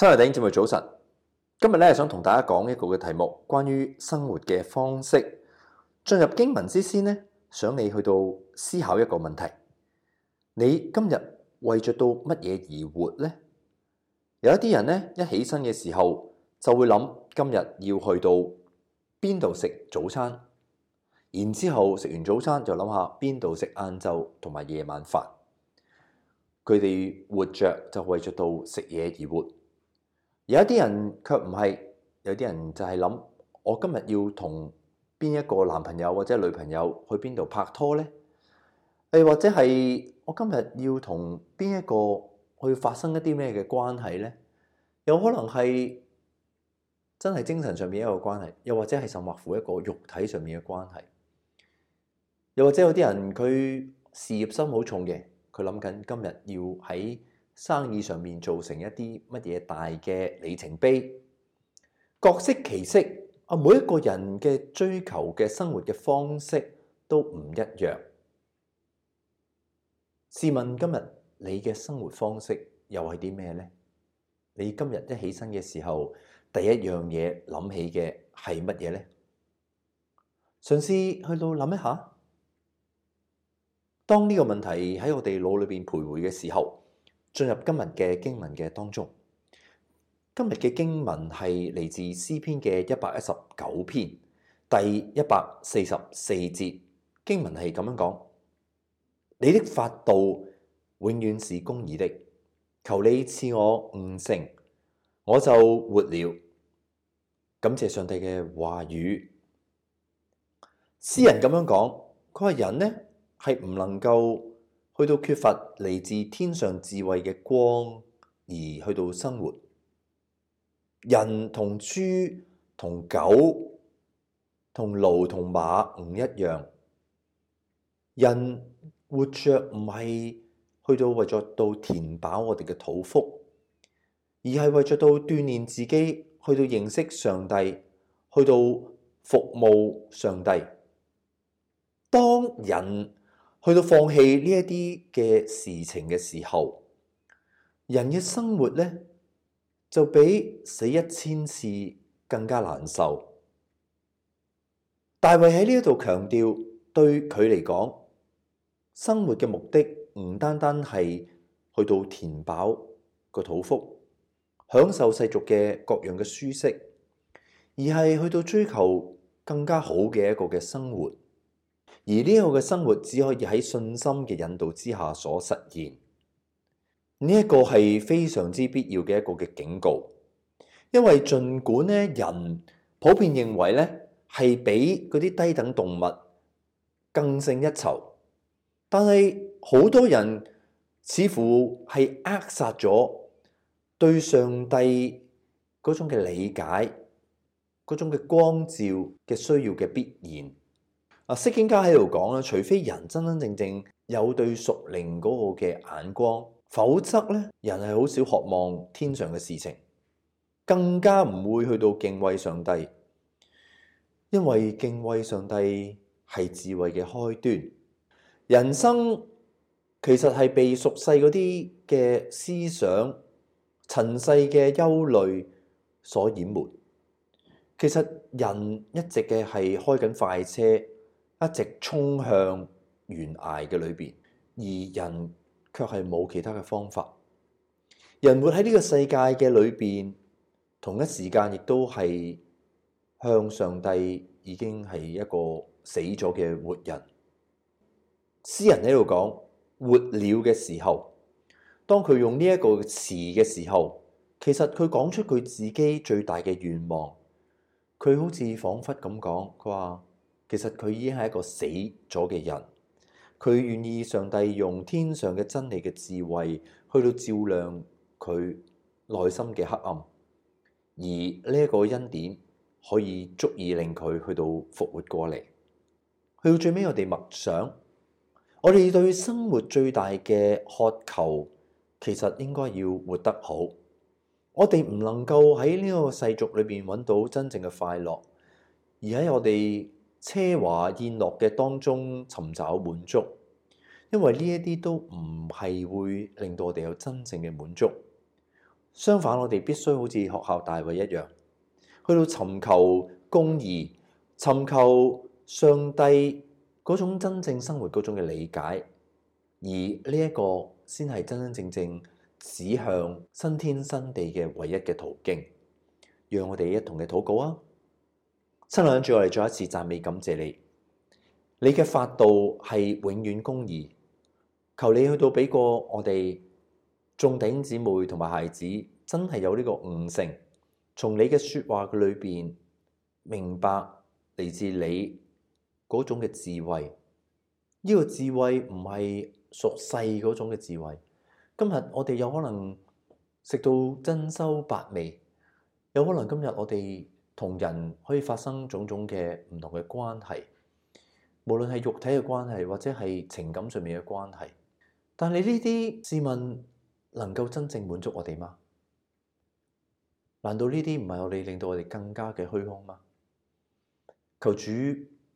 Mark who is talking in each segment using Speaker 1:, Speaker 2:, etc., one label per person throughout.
Speaker 1: 收台頂節目早晨。今日咧，想同大家講一個嘅題目，關於生活嘅方式。進入經文之先呢，想你去到思考一個問題，你今日為著到乜嘢而活呢？有一啲人呢，一起身嘅時候就會諗，今日要去到邊度食早餐，然之後食完早餐就諗下邊度食晏晝同埋夜晚飯。佢哋活着就為著到食嘢而活。有一啲人卻唔係，有啲人就係諗我今日要同邊一個男朋友或者女朋友去邊度拍拖呢？誒或者係我今日要同邊一個去發生一啲咩嘅關係呢？有可能係真係精神上面一個關係，又或者係甚或乎一個肉體上面嘅關係。又或者有啲人佢事業心好重嘅，佢諗緊今日要喺，生意上面造成一啲乜嘢大嘅里程碑，各式其式啊！每一個人嘅追求嘅生活嘅方式都唔一樣。試問今日你嘅生活方式又係啲咩咧？你今日一起身嘅時候，第一樣嘢諗起嘅係乜嘢咧？嘗試去到諗一下，當呢個問題喺我哋腦裏邊徘徊嘅時候。進入今日嘅經文嘅當中，今日嘅經文係嚟自詩篇嘅一百一十九篇第一百四十四節，經文係咁樣講：嗯、你的法度永遠是公義的，求你賜我悟性，我就活了。感謝上帝嘅話語，詩、嗯、人咁樣講，佢個人呢係唔能夠。去到缺乏嚟自天上智慧嘅光，而去到生活，人同豬同狗同驢同馬唔一樣。人活着唔係去到為咗到填飽我哋嘅肚腹，而係為咗到鍛煉自己，去到認識上帝，去到服務上帝。當人。去到放棄呢一啲嘅事情嘅時候，人嘅生活咧就比死一千次更加難受。大衛喺呢一度強調，對佢嚟講，生活嘅目的唔單單係去到填飽個肚腹，享受世俗嘅各樣嘅舒適，而係去到追求更加好嘅一個嘅生活。而呢個嘅生活只可以喺信心嘅引導之下所實現，呢一個係非常之必要嘅一個嘅警告，因為盡管咧人普遍認為咧係比嗰啲低等動物更勝一籌，但係好多人似乎係扼殺咗對上帝嗰種嘅理解，嗰種嘅光照嘅需要嘅必然。啊，釋經家喺度講咧，除非人真真正正有對屬靈嗰個嘅眼光，否則咧，人係好少渴望天上嘅事情，更加唔會去到敬畏上帝，因為敬畏上帝係智慧嘅開端。人生其實係被俗世嗰啲嘅思想、塵世嘅憂慮所淹沒。其實人一直嘅係開緊快車，一直衝向懸崖嘅裏邊，而人卻係冇其他嘅方法。人活喺呢個世界嘅裏邊，同一時間亦都係向上帝已經係一個死咗嘅活人。詩人喺度講活了嘅時候，當佢用呢一個詞嘅時候，其實佢講出佢自己最大嘅願望。佢好似彷彿咁講，佢話。其實佢已經係一個死咗嘅人，佢願意上帝用天上嘅真理嘅智慧去到照亮佢內心嘅黑暗，而呢一個恩典可以足以令佢去到復活過嚟。去到最尾，我哋默想，我哋對生活最大嘅渴求，其實應該要活得好。我哋唔能夠喺呢個世俗裏邊揾到真正嘅快樂，而喺我哋奢華宴樂嘅當中尋找滿足，因為呢一啲都唔係會令到我哋有真正嘅滿足。相反，我哋必須好似學校大衛一樣，去到尋求公義，尋求上帝嗰種真正生活嗰種嘅理解，而呢一個先係真真正正指向新天新地嘅唯一嘅途徑。讓我哋一同嘅禱告啊！親兩，我哋再一次讚美，感謝你。你嘅法度係永遠公義，求你去到俾過我哋眾弟兄姊妹同埋孩子，真係有呢個悟性。從你嘅說話嘅裏邊明白嚟自你嗰種嘅智慧。呢、這個智慧唔係俗世嗰種嘅智慧。今日我哋有可能食到珍饈百味，有可能今日我哋。同人可以發生種種嘅唔同嘅關係，無論係肉體嘅關係，或者係情感上面嘅關係。但係呢啲試問能夠真正滿足我哋嗎？難道呢啲唔係我哋令到我哋更加嘅虛空嗎？求主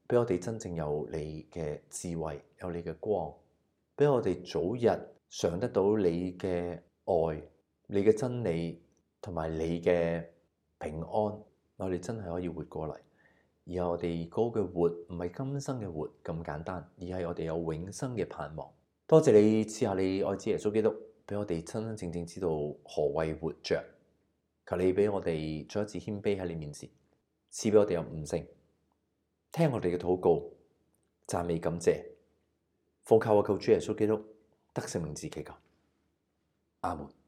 Speaker 1: 俾我哋真正有你嘅智慧，有你嘅光，俾我哋早日嘗得到你嘅愛、你嘅真理同埋你嘅平安。我哋真係可以活過嚟，而我哋嗰個活唔係今生嘅活咁簡單，而係我哋有永生嘅盼望。多謝你，賜下你愛子耶穌基督俾我哋真真正正知道何謂活着。求你俾我哋再一次謙卑喺你面前，賜俾我哋有悟性，聽我哋嘅禱告，讚美感謝，奉靠我求主耶穌基督得勝名字祈求。阿門。